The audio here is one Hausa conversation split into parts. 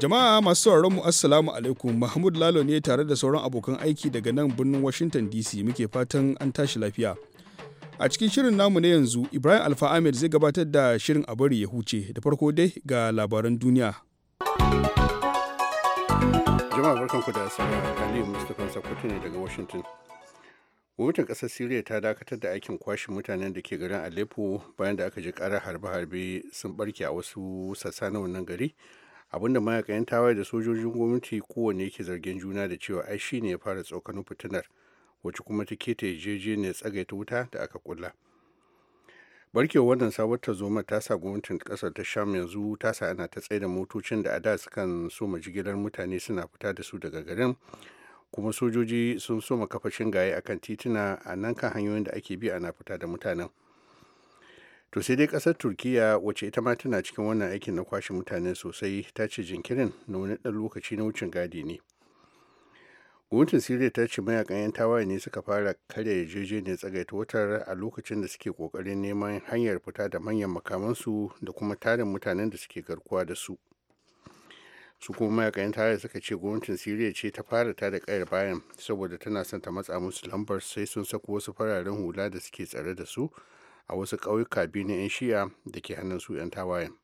Jama'a masu sauraron mu Assalamu alaikum Mahmud Lalo ne tare da sauran abokan aiki daga nan birnin Washington DC muke fatan an tashi lafiya. A cikin shirin namu na yanzu Ibrahim Alfa Ahmed zai gabatar da shirin a bari ya huce da farko dai ga labaran duniya. Jama'a barkanku da Aliyu Mustapha Sokoto ne daga Washington. gwamnatin ƙasar siriya ta dakatar da aikin kwashe mutanen da ke garin aleppo bayan da aka ji karar harbe-harbe sun barke a wasu sassa na wannan gari abinda yan tawaye da sojojin gwamnati kowanne yake zargin juna da cewa ai shi ne ya fara tsokanin fitinar wacce kuma ta keta yarjejeniyar tsagaita wuta da aka kulla barke wannan ta zoma ta sa gwamnatin kasar ta sham yanzu ta sa ana ta tsaida motocin da a da sukan so majigilar mutane suna fita da su daga garin kuma sojoji sun soma kafa shingaye akan tituna a nan kan hanyoyin da ake bi ana fita da mutanen to sai dai kasar turkiya wacce ita ma tana cikin wannan aikin na kwashe mutane sosai ta ce jinkirin na wani ɗan lokaci na wucin gadi ne gwamnatin siriya ta ce mayakan 'yan tawaye ne suka fara karya yarjejeniya tsagaita wutar a lokacin da suke kokarin neman hanyar fita da manyan makamansu da kuma tarin mutanen da suke garkuwa da su su kuma mayakan 'yan tawaye suka ce gwamnatin siriya ce ta fara ta da kayar bayan saboda tana son ta matsa musu lambar sai sun sako wasu fararen hula da suke tsare da su a wasu ƙauyuka biyu na 'yan shiya da ke hannun su 'yan tawayen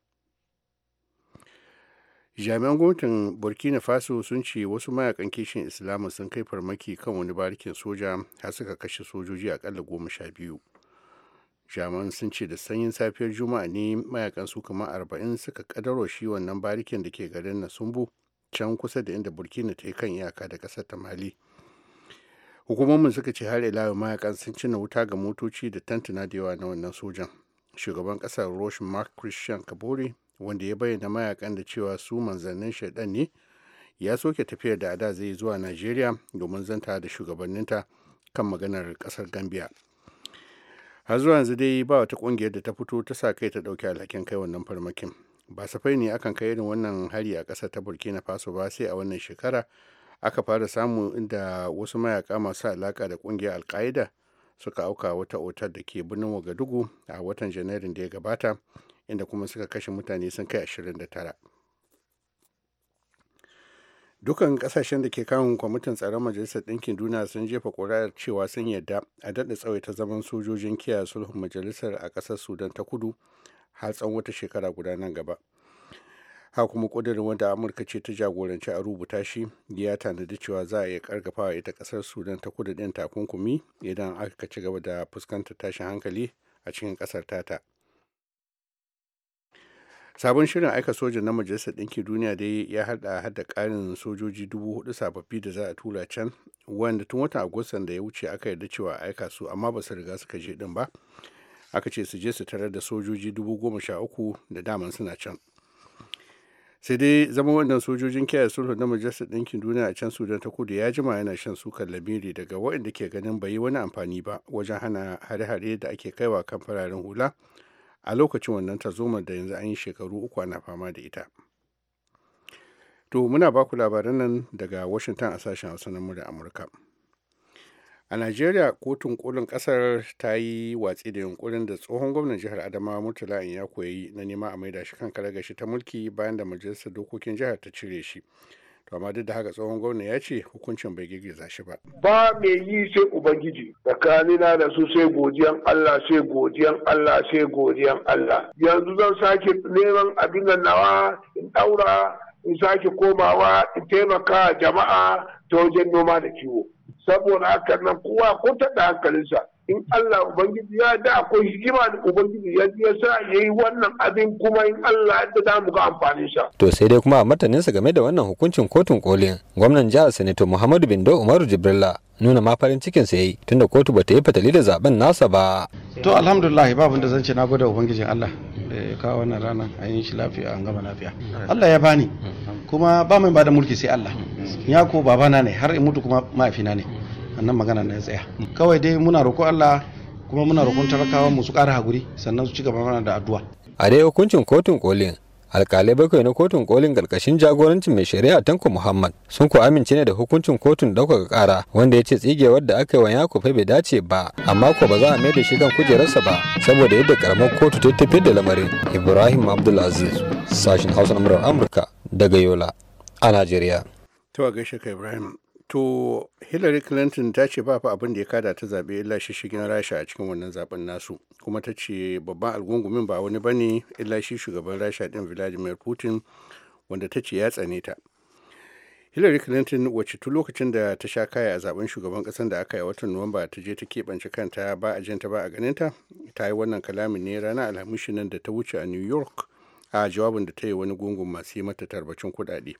jami'an gwamnatin burkina faso sun ce wasu mayakan kishin islamu sun kai farmaki kan wani barikin soja har suka kashe sojoji akalla goma sha biyu jami'an sun ce da sanyin safiyar juma'a ne mayakan su kama arba'in suka kadaro shi wannan barikin da ke garin na sumbu can kusa da inda burkina ta yi kan iyaka da ƙasar ta mali hukumomin suka ce har ila yau mayakan sun cina wuta ga motoci da tantana da yawa na wannan sojan shugaban kasar roshin mark christian kabori wanda ya bayyana mayakan da cewa su manzannin shaidan ne ya soke tafiyar da ada zai zuwa nigeria domin zanta da shugabanninta kan maganar kasar gambia har zuwa yanzu dai ba wata kungiyar da ta fito ta sa kai ta dauki alhakin kai wannan farmakin ba safai ne akan kai irin wannan hari a ƙasar ta burkina faso ba sai a wannan shekara aka fara samu inda wasu mayaka masu alaka da kungiyar alkaida suka auka wata otar da ke birnin wagadugu a watan janairun da ya gabata inda kuma suka kashe mutane sun kai 29 dukan kasashen da ke kamun kwamitin tsaron majalisar ɗinkin duniya sun jefa ƙuri'ar cewa sun yarda a daɗa ta zaman sojojin kiyaye sulhun majalisar a ƙasar sudan ta kudu har tsawon wata shekara guda nan gaba ha kuma kudirin wanda amurka ce ta jagoranci a rubuta shi ya tanadi cewa za a iya karkafa ita kasar sudan ta kudu din takunkumi idan aka ci gaba da fuskantar tashin hankali a cikin kasar tata sabon shirin aika soja na majalisar dinki duniya dai ya haɗa hada ƙarin sojoji dubu hudu sababbi da za a tura can wanda tun watan agustan da ya wuce aka yarda cewa aika su amma ba su riga suka je ɗin ba aka ce su je su tarar da sojoji dubu goma sha uku da daman suna can sai dai zama wannan sojojin kiyaye sulhu na majalisar ɗinkin duniya a can sudan ta kudu ya jima yana shan sukar lamiri daga waɗanda ke ganin bai yi wani amfani ba wajen hana hare-hare da ake kaiwa kan fararen hula a lokacin wannan tarzomar da yanzu an yi shekaru uku ana fama da ita to muna baku labaran nan daga washington a sashen hausa na murya amurka a najeriya kotun kolin kasar ta yi watsi da yunkurin da tsohon gwamnan jihar adamawa murtala in ya koyi na nema a maida shi kan gashi ta mulki bayan da majalisar dokokin jihar ta cire shi to amma duk da haka tsohon gwamna ya ce hukuncin bai girgiza shi ba ba me yi sai ubangiji tsakanina da su sai godiyan Allah sai godiyan Allah sai godiyan Allah yanzu zan sake neman abin nan nawa in daura in sake komawa in taimaka jama'a ta wajen noma da kiwo saboda haka nan kowa ko ta da hankalinsa in Allah Ubangiji ya da akwai hikima da Ubangiji ya ya yasa ya yi wannan abin kuma in Allah ya da mu ga amfanin sa. To sai dai kuma a sa game da wannan hukuncin kotun kolin gwamnan jihar Sanato Muhammadu Bindo Umaru Jibrilla nuna ma farin cikin sa yayi tunda kotu bata yi fatali da zaben nasa ba. to alhamdulillah babu da zance na gode ubangijin Allah da ya kawo wannan rana a yin shi lafiya an gama lafiya Allah ya bani kuma ba mai bada mulki sai Allah ya ko babana ne har in mutu kuma mahaifina ne annan magana na ya tsaya kawai dai muna roko Allah kuma muna roƙon talakawa mu su ƙara hakuri sannan su ci gaba mana da addu'a a dai hukuncin kotun kolin alkalai bakwai na kotun kolin karkashin jagorancin mai shari'a tanko muhammad sun ku amince ne da hukuncin kotun ɗaukaka ƙara wanda ya ce tsigewar da aka yi wa yakufa bai dace ba amma ko ba za a maida da shi kan kujerarsa ba saboda yadda karamar kotu ta tafiyar da lamarin ibrahim abdulaziz sashen hausa na amurka daga yola a najeriya to gaishe ka ibrahim to hillary clinton ta ce ba fa abin da ya kada ta zaɓe illa shi shigin rasha a cikin wannan zaben nasu kuma ta ce babban algungumin ba wani bane illa shi shugaban rasha din vladimir putin wanda ta ce ya tsane ta hillary clinton wacce tun lokacin da ta sha kaya a zaben shugaban kasan da aka yi watan nuwamba ta je ta keɓance kanta ba a jinta ba a ganinta ta yi wannan kalamin ne ranar alhamis nan da ta wuce a new york a jawabin da ta yi wani gungun masu yi mata tarbacin kuɗaɗe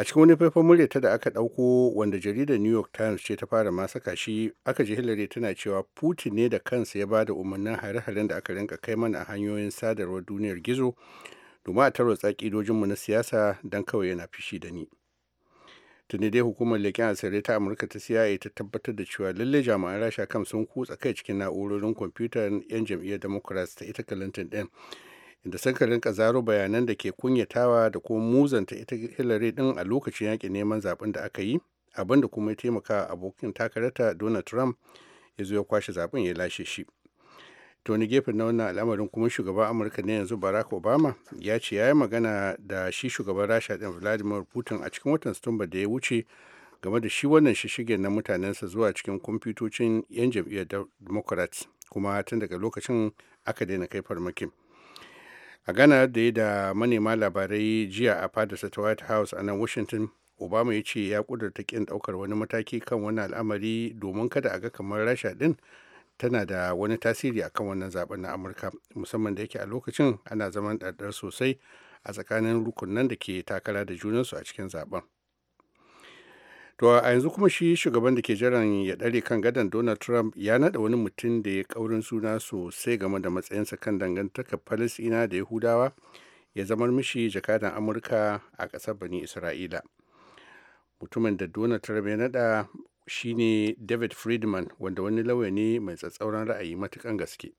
a cikin wani faifan muryarta da aka ɗauko wanda jaridar new york times ce ta fara ma saka shi aka ji hillary tana cewa putin ne da kansa ya ba da umarnin hare-haren da aka rinka kai mana a hanyoyin sadarwar duniyar gizo domin a tarwatsa dojinmu na siyasa don kawai yana fishi da ni tuni dai hukumar leƙen asirai ta amurka ta cia ta tabbatar da cewa lallai jami'an rasha kam sun kutsa kai cikin na'urorin kwamfutar 'yan jam'iyyar democrats ta ita clinton ɗin inda sankalin zaro bayanan da ke kunyatawa da kuma muzanta ita hillary din a lokacin yaƙi neman zaben da aka yi abin da kuma ya taimaka abokin takarata donald trump ya zo ya kwashe zaben ya lashe shi to gefen na wannan al'amarin kuma shugaban amurka ne yanzu barack obama ya ce ya yi magana da shi shugaban rasha din vladimir putin a cikin watan satumba da ya wuce game da shi wannan shishige na mutanensa zuwa cikin kwamfutocin 'yan jam'iyyar democrats kuma tun daga lokacin aka daina kai farmakin a gana da ya da manema labarai jiya a fadarsa ta white house a nan washington obama ya ce ya kudurta kin daukar wani mataki kan wani al'amari domin kada a ga kamar rasha din tana da wani tasiri akan wannan zaben na amurka musamman da yake a lokacin ana zaman ɗaɗɗar sosai a tsakanin rukunan da ke takara da junansu a cikin zaben to a yanzu kuma shi shugaban da ke jiran ya dare kan gadon donald trump ya nada wani mutum da ya kaurin suna sosai game da matsayinsa kan dangantaka palestina da yahudawa ya zamar mishi jakadan amurka a kasar bani isra'ila mutumin da donald trump ya naɗa shine david friedman wanda wani lauya ne mai tsatsauran ra'ayi matukan gaske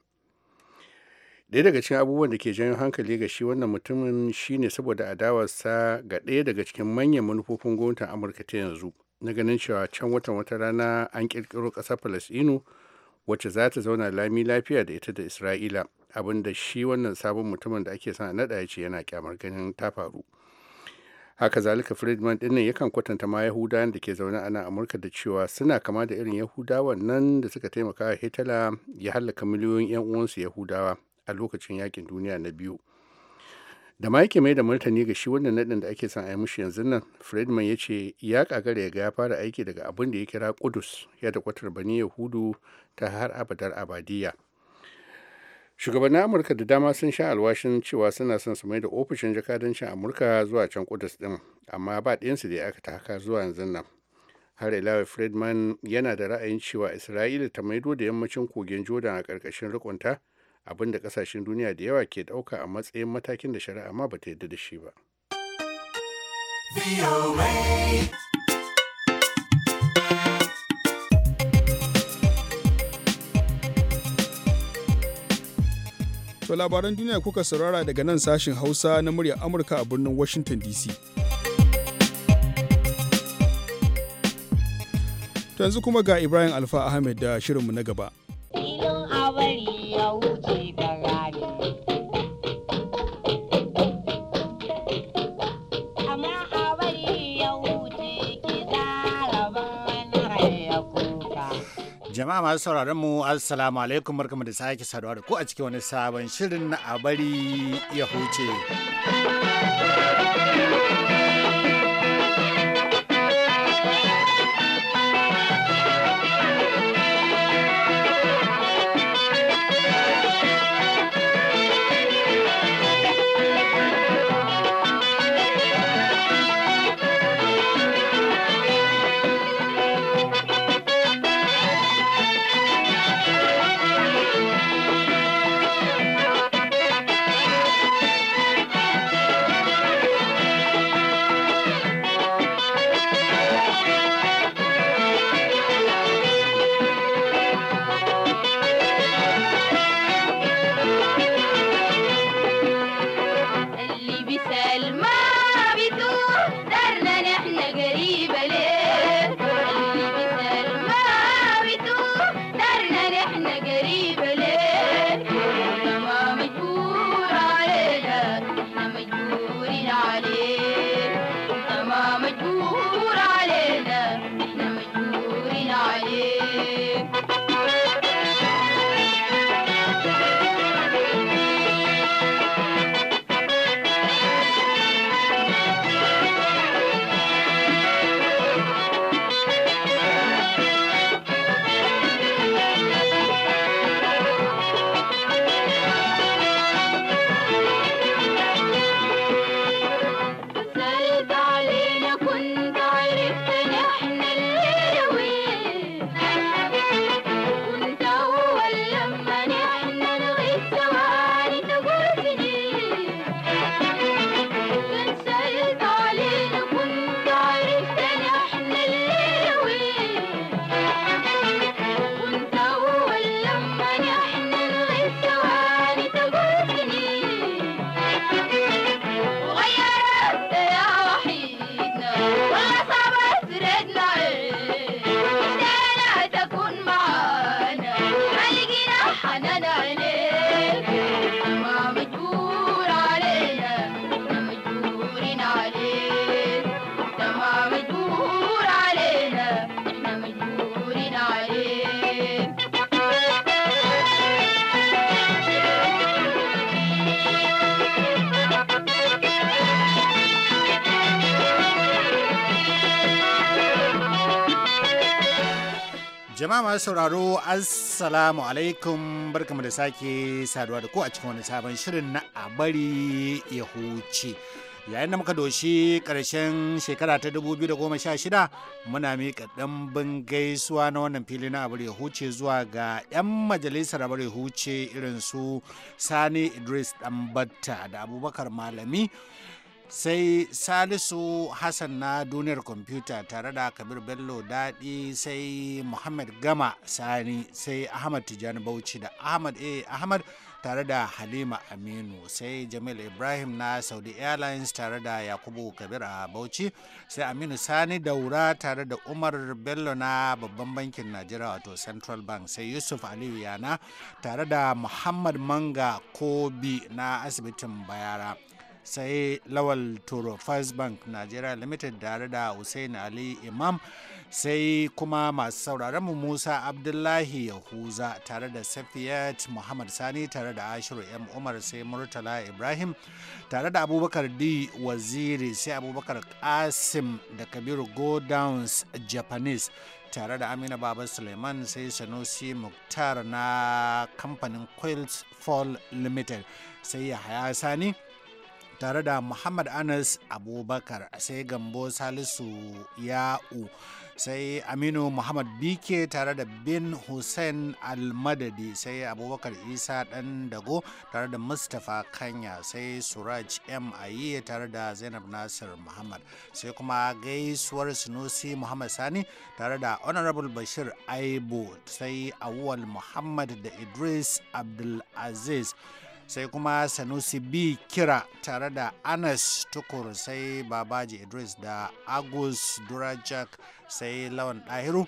ɗaya daga cikin abubuwan da ke janyo hankali ga shi wannan mutumin shine saboda adawarsa ga ɗaya daga cikin manyan manufofin gwamnatin amurka ta yanzu na ganin cewa can watan wata rana an kirkiro ƙasar falasɗinu wacce za ta zauna lami lafiya da ita da isra'ila abinda shi wannan sabon mutumin da ake sana naɗa ya ce yana kyamar ganin ta faru haka zalika friedman dinnan yakan kwatanta ma yahudawan da ke zaune a nan amurka da cewa suna kama da irin yahudawa nan da suka taimaka wa hitler ya hallaka miliyoyin 'yan uwansu yahudawa a lokacin yakin duniya na biyu da ma yake mai da martani ga shi wannan naɗin da ake son a yi mushi yanzu nan fredman ya ce ya kagara ya ga ya fara aiki daga abin da ya kira kudus ya da kwatar bani yahudu ta har abadar abadiya shugabannin amurka da dama sun sha alwashin cewa suna son su mai da ofishin jakadancin amurka zuwa can kudus din amma ba ɗayansu da ya aka ta haka zuwa yanzu nan har ilawa fredman yana da ra'ayin cewa isra'ila ta maido da yammacin kogin jordan a ƙarƙashin rikonta abinda kasashen duniya da yawa ke ɗauka a matsayin matakin da shari'a ma bata yadda da shi ba. To labaran duniya kuka saurara daga nan sashin Hausa na muryar Amurka a birnin Washington DC. To yanzu kuma ga Ibrahim Alfa Ahmed da shirinmu na gaba. wuce da Jama'a masu sauraron mu Assalamu alaikum barkamu da sake saduwa da ku a cikin wani sabon shirin na a bari ya huce. masu sauraro assalamu alaikum barkamu da sake saduwa da ku a cikin wani sabon shirin na a bari ya huce yayin da muka doshi karshen shekara ta 2016 muna miƙa ɗanbin gaisuwa na wannan fili na ya huce zuwa ga 'yan majalisar abar ya huce irin su sani idris ɗanbatta da abubakar malami sai salisu hassan na duniyar kwamfuta tare da kabir bello daɗi sai muhammad gama sani sai ahmad tijani bauchi da ahmad a eh, ahmad tare da halima aminu sai jamil ibrahim na saudi airlines tare da yakubu kabir a bauchi sai aminu sani daura tare da umar bello na babban bankin najeriya wato central bank sai yusuf aliyu yana tare da muhammad manga kobi na asibitin bayara sai lawal Toro first bank nigeria limited tare da hussein ali imam sai kuma masu sauraron mu musa abdullahi yahuza tare da safiyat muhammad sani tare da ashiru m umar sai murtala ibrahim tare da abubakar d waziri sai abubakar kasim da kabiru Go Downs japanese tare da amina baba suleiman sai sanusi muktar na kamfanin quilt fall limited sai ya haya sani tare da muhammad anas abubakar sai gambo salisu ya'u sai aminu muhammad bike tare da bin hussein almadadi sai abubakar isa dan dago tare da mustapha kanya sai suraj m ayiye tare da zainab nasir muhammad sai kuma gaisuwar sunusi muhammad sani tare da honorable bashir aibo sai awwal muhammad da idris abdulaziz sai kuma sanusi b kira tare da anas tukur sai babaji idris da agus durajak sai lawan dahiru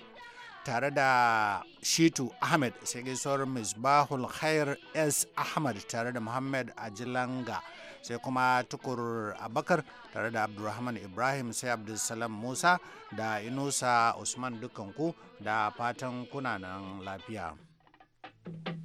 tare da shitu ahmed sai gaisuwar misbahul khair s ahmed tare da muhammad ajilanga sai kuma tukur abakar tare da abdulrahman ibrahim sai abdulsalam musa da inusa usman dukanku da fatan kunanan lafiya. thank you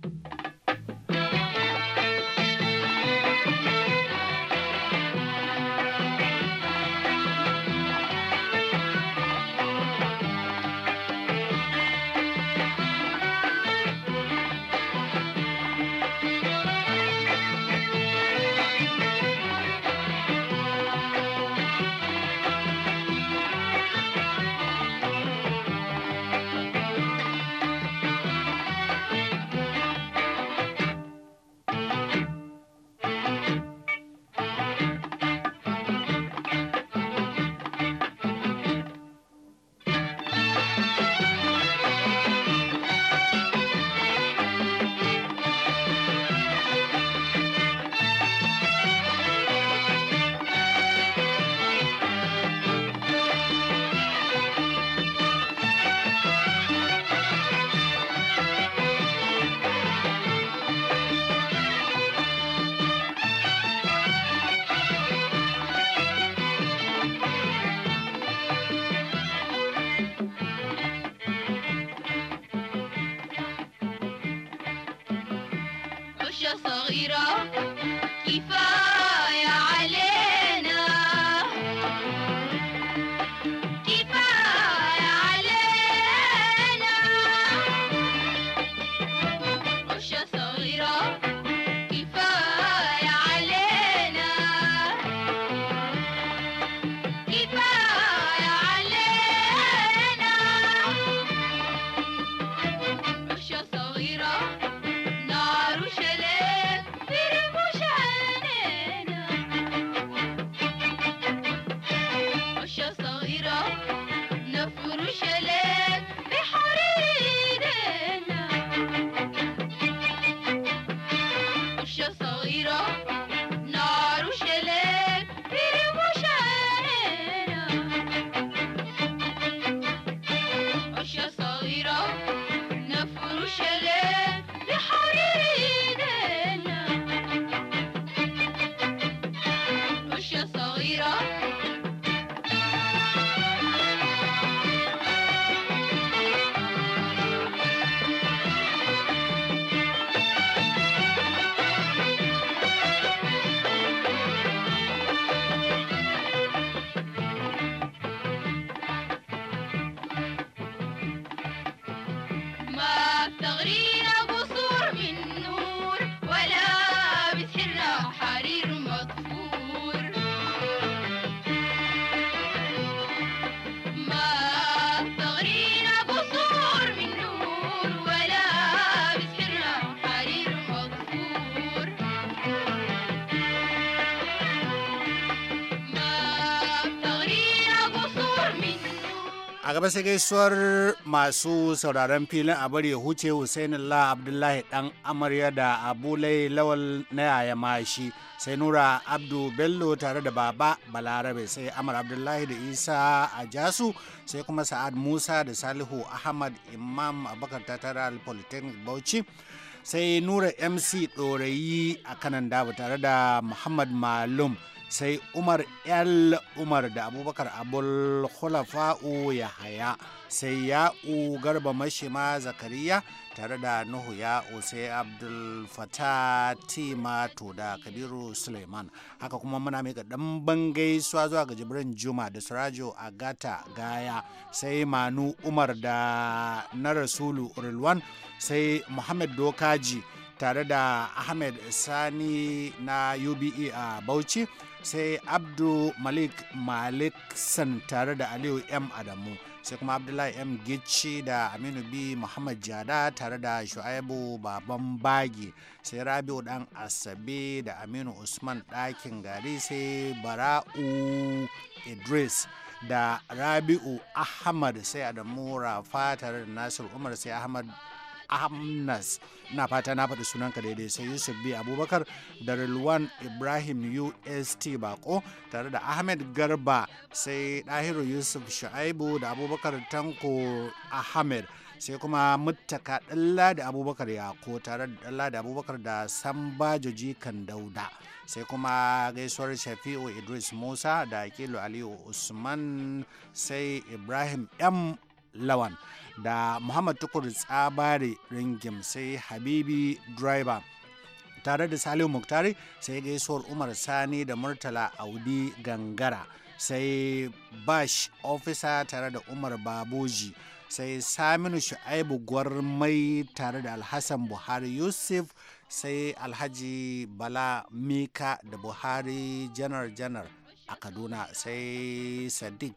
gaba sai gaisuwar masu sauraron filin a bari ya huce la Abdullahi dan amarya da Abulai Lawal na yaya mashi sai Nura Abdu Bello tare da Baba Balarabe sai Amar Abdullahi da Isa a jasu sai kuma Sa'ad Musa da Salihu Ahmad Imam bakar Tatara Polytechnic Bauchi sai Nura MC Dorayi a kanan dabu tare da Muhammad Malum. sai umar el umar da abubakar abul khulafa'u ya haya sai ya'u garba mashima zakariya tare da nuhu ya'u sai abdul fatah da kabiru suleiman haka kuma muna mai mika ɗan gaisuwa zuwa ga jibrin juma da surajo agata gaya sai manu umar da na rasulu rilwan sai muhammad dokaji tare da ahmed sani na ube a bauchi sai abdu malik malik san tare da aliyu m adamu sai kuma abdullahi m gicci da aminu b muhammad jada tare da shu'aibu baban bagi sai rabiu dan asabe da aminu usman ɗakin gari sai bara'u idris da rabi'u ahmad sai adamu rafa tare da nasir umar sai ahmad amnas na fata na faɗi sunanka daidai sai yusuf bi abubakar da rilwan ibrahim ust bako tare da ahmed garba sai ɗahiru yusuf shu'aibu da abubakar tanko ahmed sai kuma muttaka ɗalla da abubakar yako tare da ɗalla da abubakar da sambajoji kan dauda sai kuma gaisuwar shafi'u idris musa da kilo aliyu usman sai ibrahim m lawan da muhammad tukur tsabari ringim sai habibi driver tare da salihu muktari sai gaisuwar umar sani da murtala audi gangara sai bash officer tare da umar babuji sai saminu shu'aibu gwarmai tare da alhassan buhari yusuf sai alhaji bala mika da buhari janar janar a kaduna sai sadiq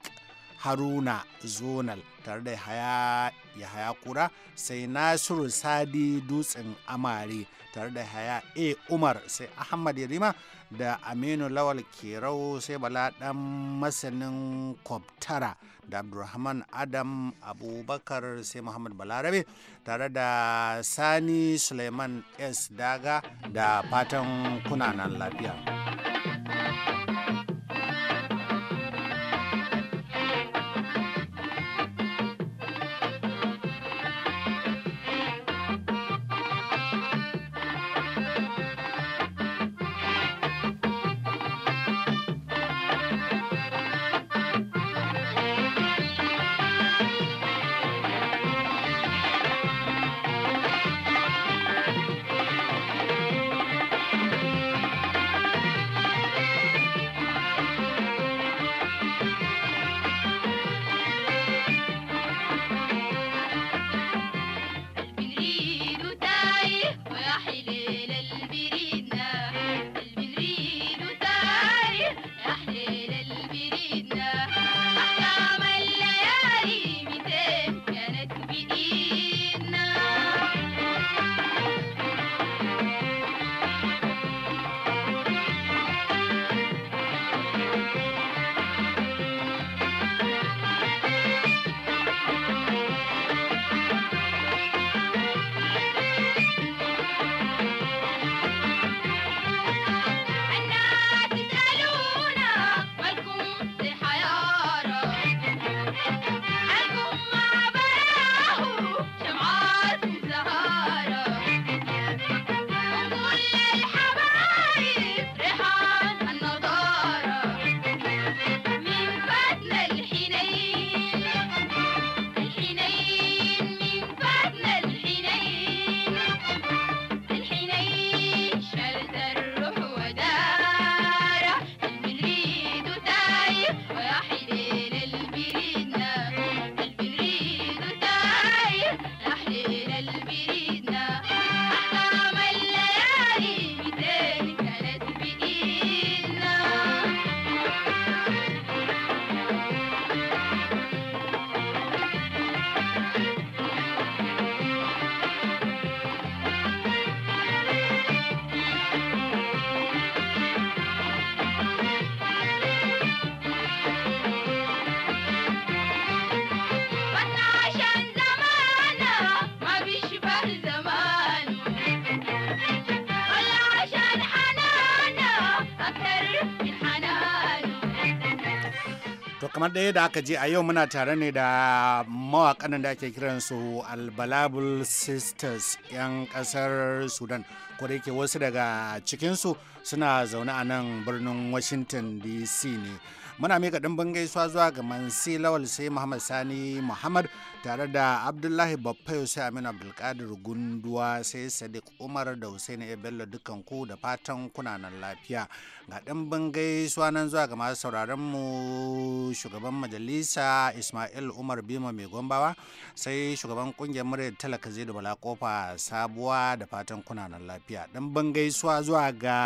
haruna zonal tare da haya kura sai nasiru sadi dutsen amari tare da haya a umar sai ahmad yarima da aminu lawal kerau sai bala dan masanin kwabtara da abdulrahman adam abubakar sai muhammad balarabe tare da sani suleiman s daga da fatan kunanan lafiya. kamar ɗaya da aka je a yau muna tare ne da mawakan da ake kiran su albalabul sisters 'yan ƙasar sudan da yake wasu daga cikinsu suna zaune a nan birnin washington dc ne muna mika dimbin gaisuwa zuwa ga mansi lawal sai muhammad sani muhammad tare da abdullahi baffayo sai amin abdulkadir gunduwa sai sadiq umar da husaini bello dukkan ku da fatan kunanan lafiya ga ɗan gaisuwa nan zuwa ga masu sauraron mu shugaban majalisa ismail umar bima mai gombawa sai shugaban kungiyar muryar talaka zai da bala kofa sabuwa da fatan kunanan lafiya ɗan gaisuwa zuwa ga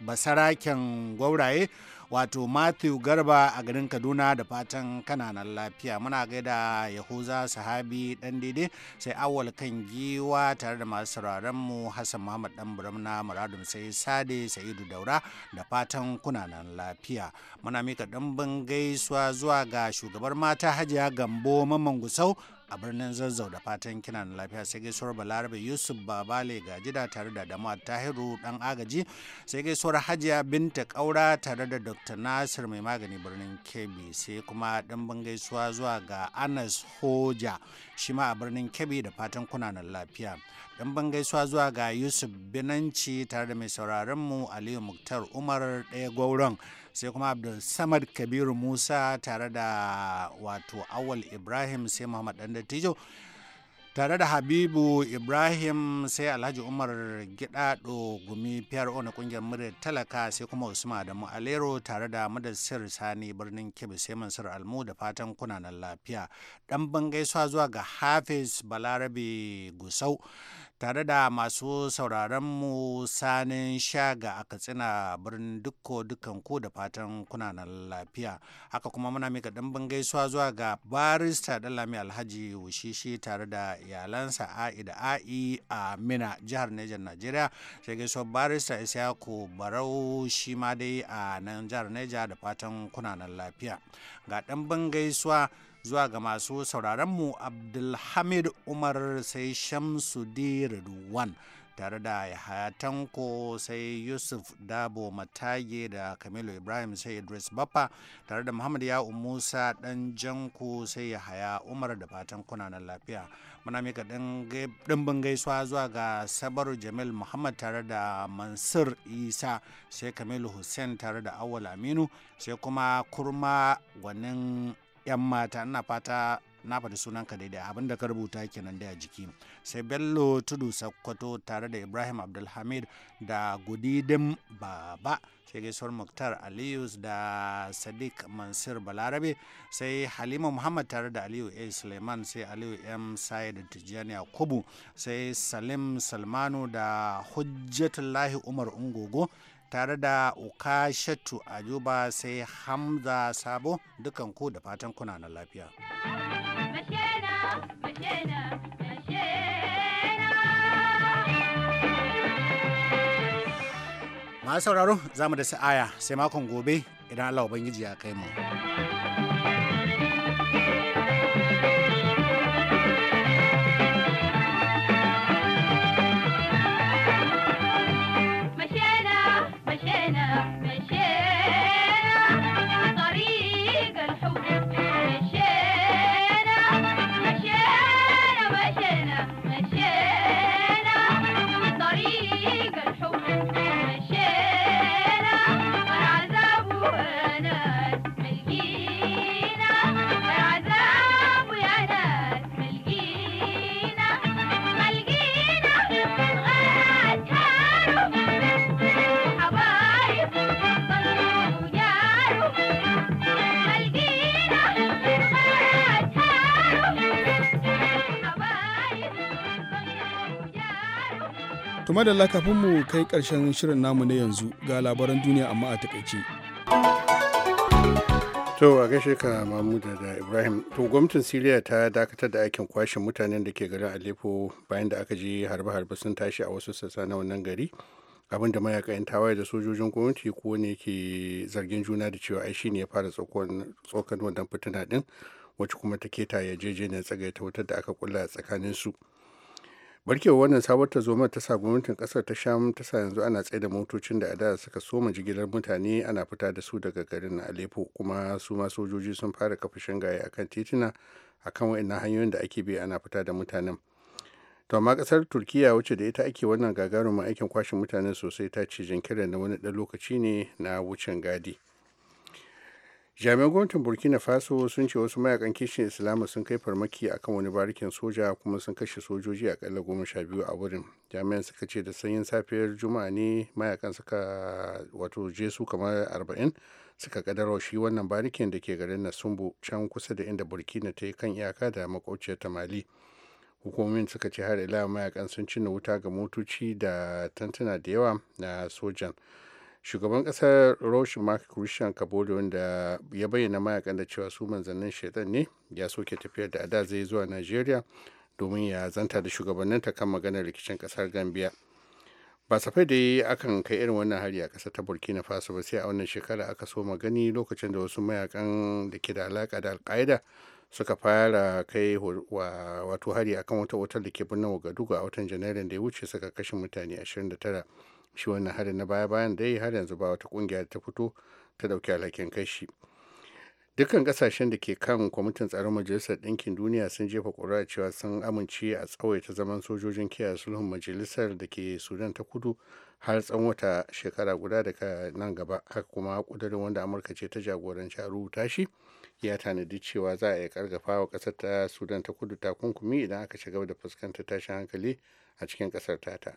basaraken gwauraye wato matthew garba a garin kaduna da fatan kananan lafiya muna gaida yahuza sahabi ɗan daidai sai awal kan giwa tare da masu sauraron mu hassan muhammad ɗan buramna muradun sai sade sa'idu daura da fatan kunanan lafiya muna mika ɗimbin gaisuwa zuwa ga shugabar mata hajiya gambo mamman gusau a birnin zazzau da fatan kina na lafiya sai gaisuwar balarabe yusuf babale jida tare da dama tahiru dan agaji sai gaisuwar hajiya binta kaura tare da dr nasir mai magani birnin kebbi sai kuma dimbin gaisuwa zuwa ga anas hoja shi ma a birnin kebbi da fatan kuna na lafiya dimbin gaisuwa zuwa ga yusuf binanci tare da mai sauraron mu aliyu muktar umar ɗaya gwauron sai kuma abdul samad kabiru musa tare da wato awal ibrahim sai muhammad dan dattijo tare da habibu ibrahim sai alhaji umar gidado gumi pro na kungiyar murya talaka sai kuma usman adamu alero tare da madassir sani birnin kebbi sai mansur almu da fatan kunanan lafiya dan bangaisuwa zuwa ga hafiz balarabe gusau tare da masu sauraronmu sanin shaga a katsina birnin dukko dukan ku da fatan kuna nan lafiya haka kuma muna mika ɗimbin gaisuwa zuwa ga barista dalami alhaji wushishi tare da iyalansa a'i da a'i a mina jihar nejan najeriya sai gaisuwar barista isyaku barau shi ma dai a nan jihar neja da fatan kuna nan lafiya ga ɗimbin gaisuwa zuwa ga masu sauraronmu abdulhamid umar sai shamsu Ridwan tare da yahaya tanko sai yusuf dabo matage da kamilu ibrahim sai idris baffa tare da muhammad ya'u musa dan janku sai yahaya umar da fatan kuna kunanan lafiya muna mika dimbin gaisuwa zuwa ga sabaru jamil muhammad tare da mansur isa sai kamilu hussein tare da awal aminu sai kuma kurma gwanin 'yan mata ina fata na faɗi sunanka daidai abinda ka rubuta kenan da jiki sai bello tudu sakkwato tare da ibrahim abdulhamid da gudidin baba sai gaisuwar muktar Aliyus da sadiq mansur balarabe sai halima muhammad tare da aliyu a suleiman sai aliyu m sa'id da tijjani yakubu sai salim salmanu da hujjatullahi umar ungogo tare da uka a ajuba sai hamza sabo dukan ku da fatan kuna na lafiya masu sauraro za mu da sa'aya sai makon gobe idan allah ubangiji ya kai mu Tuma da lakafin mu kai karshen shirin namu na yanzu ga labaran duniya amma a takaice. To a gaishe ka Mahmuda da Ibrahim. To gwamnatin Siriya ta dakatar da aikin kwashe mutanen da ke garin Aleppo bayan da aka je harbe-harbe sun tashi a wasu sassa na wannan gari. abin da mayaka tawaye da sojojin gwamnati ko ne ke zargin juna da cewa ai shi ne ya fara tsokan wannan fitina din wacce kuma ta keta yarjejeniyar tsagaita wutar da aka kulla tsakanin su. barkewa wannan sabon tarzoma ta sa gwamnatin kasar ta sham ta sa yanzu ana tsaye da motocin da a da suka soma jigilar mutane ana fita da su daga garin na aleppo kuma su ma sojoji sun fara kafa shingaye akan tituna akan waɗannan hanyoyin da ake bi ana fita da mutanen to amma kasar turkiya wacce da ita ake wannan gagarumin aikin kwashe mutane sosai ta ce jinkirin na wani dan lokaci ne na wucin gadi jami'an gwamnatin burkina faso sun ce wasu mayakan kishin islamu sun kai farmaki akan wani barikin soja kuma sun kashe sojoji kalla goma sha biyu a wurin jami'an suka ce da sanyin safiyar juma'a ne mayakan suka wato je su kamar arba'in suka kadarwa shi wannan barikin da ke garin na nasumbu can kusa da inda burkina ta yi kan iyaka da makwabciyar ta mali hukumomin suka ce har ila mayakan sun cinna wuta ga motoci da tantuna da yawa na sojan shugaban kasar roshi mark christian kabodo wanda ya bayyana mayakan da cewa su manzannin shaidan ne ya soke tafiyar da ada zai zuwa nigeria domin ya zanta da shugabanninta kan maganar rikicin kasar gambia ba safai da yi akan kai irin wannan hari a kasar ta burkina faso ba sai a wannan shekara aka so magani lokacin da wasu mayakan da ke da alaƙa da alkaida suka fara kai wato hari akan wata otal da ke birnin wagadugu a watan janairun da ya wuce suka kashe mutane 29 shi wannan harin na baya-bayan da dai har yanzu ba wata kungiya ta fito ta dauki alhakin kai shi dukkan kasashen da ke kan kwamitin tsaron majalisar ɗinkin duniya sun jefa ƙura cewa sun amince a tsawaita zaman sojojin kiyaye sulhun majalisar da ke sudan ta kudu har tsawon wata shekara guda daga nan gaba haka kuma ƙudurin wanda amurka ce ta jagoranci a rubuta shi ya tanadi cewa za a iya ƙarfafa wa ƙasar ta sudan ta kudu takunkumi idan aka ci gaba da fuskantar tashin hankali a cikin ƙasar tata.